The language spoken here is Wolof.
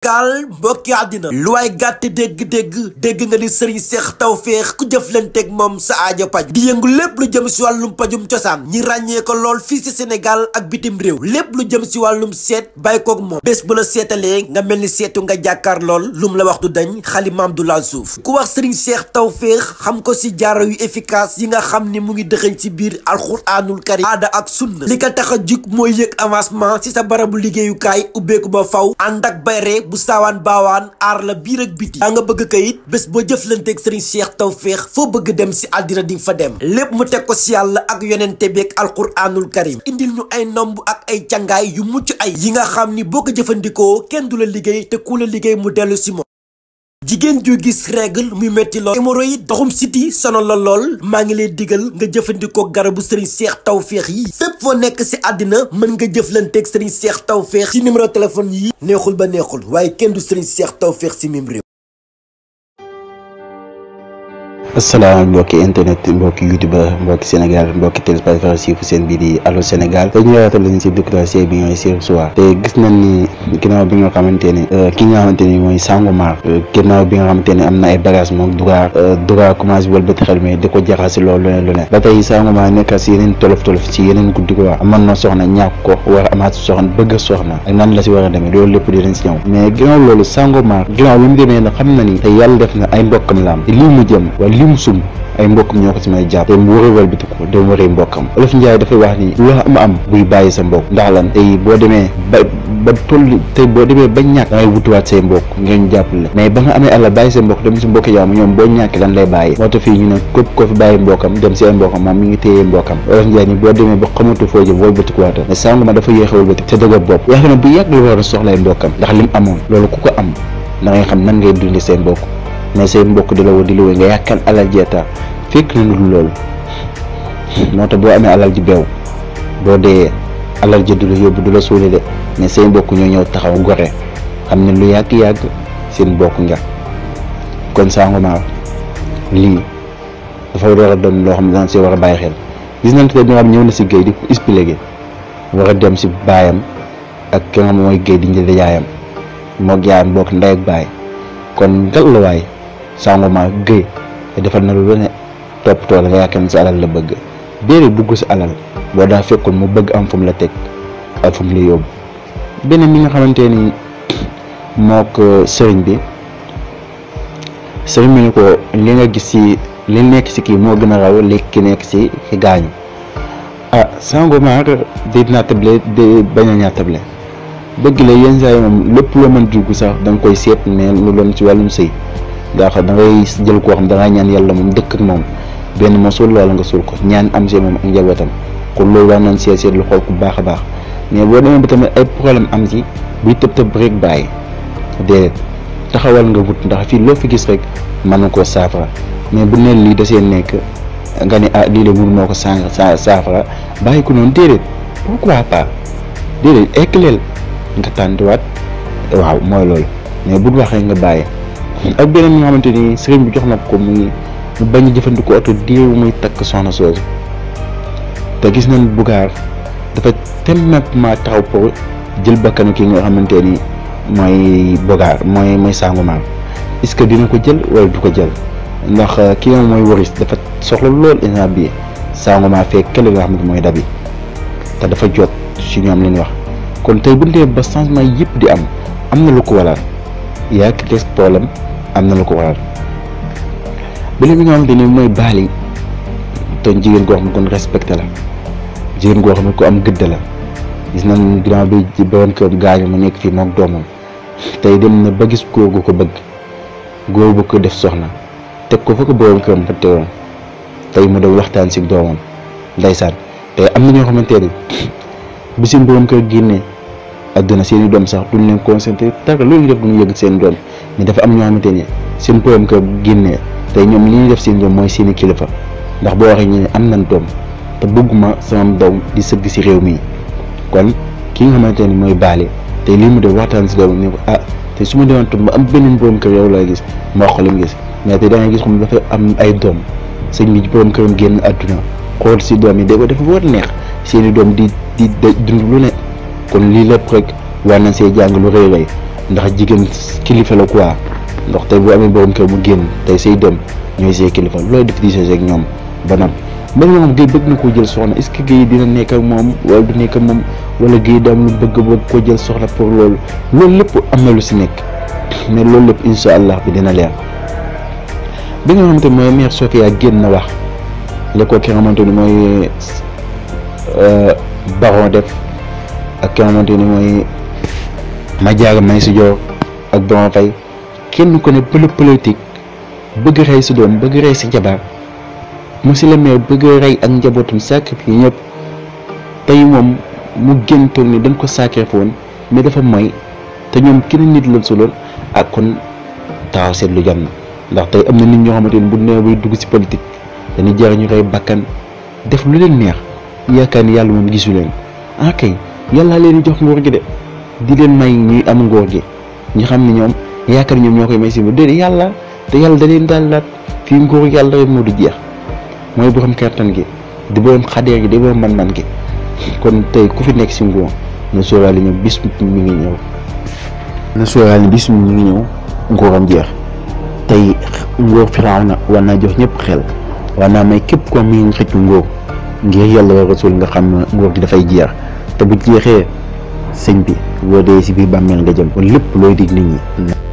kaal mbokki àddina lu waay gàtt dégg-dégg dégg nga ni sëriñ seex tawféex ku jëf teg moom sa aajo paj di yëngu lépp lu jëm si wàllum pajum cosaan ñi ràññee ko lool fii si Sénégal ak bitim réew lépp lu jëm si wàllum seet bàyyi koog moom bés bu la seetalee nga mel ni seetu nga jàkkaar lool lum la waxtu du dañ xalimaam du laal suuf ku wax sëriñ seex tawféex xam ko si jaaro yu efficace yi nga xam ni mu ngi dëxëñ ci biir alxuraanul karim aada ak sunna li ko tax a jug mooy yëg avancement si sa barabu liggéeyukaay ubbeeku ba faw ànd ak bayre bu saawaan baawaan aar la biir ak biti daa nga bëgg kayit bés boo jëflanteeg sëriñ Cheikh Tawféex foo bëgg dem si àddina di fa dem lépp mu teg ko si yàlla ak yonente beeg alquraanul karim indil ñu ay nomb ak ay càngaay yu mucc ay yi nga xam ni boo ko jëfandikoo kenn du la liggéey te ku la liggéey mu dellu si moom jigéen ju gis règle muy métti lool hémorroïde doxum siti sono la lool maa ngi lay digal nga jëfandikoo garabu sëriñ seex tawféex yi fépp foo nekk si àddina mën nga jëflanteeg sëriñ seex tawféex si numéro téléphone yi neexul ba neexul waaye kenn du sëriñ seex tawféex si mim réew asalaamaaleykum mbokki internet mbokki youtubeur mbokki Sénégal mbokki téléspectateur si fu seen bii di Allô Sénégal dañu yaatal leen si déclaration bi ñooy sur soir te gis nañ ni ginnaaw bi nga xamante ni euh, ki nga xamante ni mooy Sangomar euh, ginnaaw bi nga xamante ni am na ay bagage moom Dougar euh, Dougar commencé bi wëlbati xel mi di ko jaxase loolu lu ne lu ne ba tey Sangomar nekk si yeneen tolof tolof si yeneen guddi ko wax amoon na soxna ñàkk ko war a amaat soxna bëgg soxna ak nan la si war a demee loolu lépp di leen si ñëw mais ginnaaw loolu Sangomar ginnaaw bi mu demee nag xam na ni te yàlla def na ay mbokkam la am te lii mu jëm li mu sum ay mbokkam ñoo ko ci may jàpp te mu wërëwal bi ko dafay wax ni lu am am buy bàyyi sa mbokk ndax lan tey boo demee ba toll tey boo demee ba ñàkk dangay wutuwaat say mbokk ngeen jàppale mais ba nga amee àlla bàyyi sa mbokk dem ci mbokk yaam ñoom boo ñàkkee lan lay bàyyi moo tax fii ñu ne képp koo fi mbokkam moom mi ngi téye mbokkam olof njaay ni boo demee ba xamatu foo jëm wal batikuwaatal dafa yéex a wal batik te dëgër bopp yaakaar ne bu yàgg la war a soxlay mbokkam ndax lim amoon loolu ku ko am da ngay xam nan ngay dundee say mbokk mais seen mbokk di la woo di la woo nga yàkkal alal jeeta fekk na lu loolu moo tax boo ji beew dee alal ji du du la suuli de mais say mbokk ñoo ñëw taxaw ngore xam ne lu yàgg-yàgg seen mbokk nga kon Sango Mar lii dafay war a doon loo xam ne daan see war a bàyyi xel gis nañ ko ñëw na si géej di ko expliqué war a dem si baayam ak ki nga mooy géej di njëli yaayam moog yaayam bokk ndey ak baay kon ngal la waay sanguma géy te defal na lu ne toppatoo la nga yaakaar ne sa alal la bëgg déedéet dugg sa alal boo daa fekkul mu bëgg am fu la teg ak fu la yóbbu beneen mi nga xamante ni mook sëriñ bi sëriñ bi ni ko li nga gis ci li nekk ci kii moo gën a raw li ki nekk ci ki gaañu ah sanguma di nattable di bañ a ñattable bëgg la yenn saa moom lépp loo mën dugg sax danga koy seet mais lu doon ci wàllum sëy daa jël koo xam da ngay ñaan yàlla moom dëkk ak moom benn moo suul wala nga suul ko ñaan am see moom ak njabootam kon loolu daan naan seet seet lu xool ku baax a baax mais boo demee ba tamit ay problème am ci buy tëb tëb rek bàyyi déedéet taxawal nga wut ndax fii loo fi gis rek mën na koo saafara mais bu neen lii da see nekk nga ne ah lii la mun moo ko saa saafara bàyyi ko noonu déedéet pourquoi pas déedéet ekkaleel nga tàntuwaat waaw mooy loolu mais bu waxee nga ak beneen nga xamante ni sëriñ bi jox na ko muy mu bañ a jëfandikoo oto diir muy takk soxna soosu te gis nañ Bugaar dafa ma taxaw pour jël bakkanu ki nga xamante ni mooy Bugaar mooy mooy Sango Maam est-ce que dina ko jël wala du ko jël ndax euh, ki nga mooy waris dafa soxla lool instant bii Sango Maam fekk kële nga xamante mooy dabi te dafa jot si ñoom li ñu wax kon tey bu ñu ba changement yëpp di am am na lu ko waral. yaa ngi des am na lu ko waral beneen bi nga xamante ni te jigéen goo xam ne kon la jigéen goo xam ne ku am gëdd gis nañ ginnaaw ci beneen kër gaañu mu nekk fii moom doomam tey dem na ba gis góor gu ko bëgg góor bu ko def soxna teg ko fa ko borom këram ba teewoon tey mu dem waxtaan si doomam ndeysaan tey am na ñoo xamante ne bi si borom kër génnee àdduna seen i doom sax duñ leen concentré tàggat loolu ñu def duñu yëg seen doom mais dafa am ñoo xamante ne seen problème que génnee tey ñoom li ñuy def seen doom mooy seen i kilifa ndax boo waxee ñu ne am nañ doom te bëgguma sama doom di sëgg si réew mi kon ki nga xamante ne mooy baale tey lii mu def waxtaan si doom ne ko ah, te su ma demoon am beneen borom kër yow laa gis ma wax ko li mu gis mais tey da ngay gis xam dafa am ay doom sëñ bi borom këram génn àdduna xool si doom yi da ko dafa war seen i di dund lu ne kon lii lépp rek war nañ see jàng lu rëy rëy ndax jigéen kilifa la quoi ndax tey bu amee borom kër bu génn tey say dem ñooy say kilifa looy def di seeg ñoom ba nag même moom bëgg na koo jël soxna est-ce que Guèye moom wala du nekk ak moom wala Guèye koo jël soxna pour loolu loolu lépp am na lu si nekk mais loolu lépp incha allah bi dina leer bi nga xamante mooy mère Sofia génn na wax la ko ki ni mooy euh, baron def ak ki nga xamante ni mooy ma jaaga may si joo ak Diomaye kenn ku ne pël politique bëgg rey si doom bëgg rey si jabar monsieur le maire bëgg rey ak njabootum sacrifice ñëpp tey moom mu génn toog ni dañ ko sacrifié woon mais dafa mooy te ñoom kenn nit la suloon ak kon taxaw seetlu jam ndax tey am na nit ñoo xamante ni bu neew bay dugg si politique dañuy jar ñu rey bakkan def lu leen neex yaakaar ni yàlla moom gisu leen ah yàlla leen jox nguur gi de di leen may ñuy am nguur gi ñu xam ne ñoom yaakaar ñoom ñoo koy may si mu déedéet yàlla te yàlla da leen daal laat fii nguur yàlla rek moo jeex mooy kertan gi di borom gi di borom man-man gi kon tey ku fi nekk si nguur na sóoraale ñoom bis mi ngi ñëw. na sóoraale mi ngi ñëw nguuram jeex tey nguur firaaw na war naa jox ñëpp xel war naa may képp ko mi ngi xëcc nguur ngir yàlla rasul nga xam ne nguur gi dafay jeex. te bu jeexee sëñ bi boo dee si biir bàmmeel nga jëm ba lépp looy dig nit ñi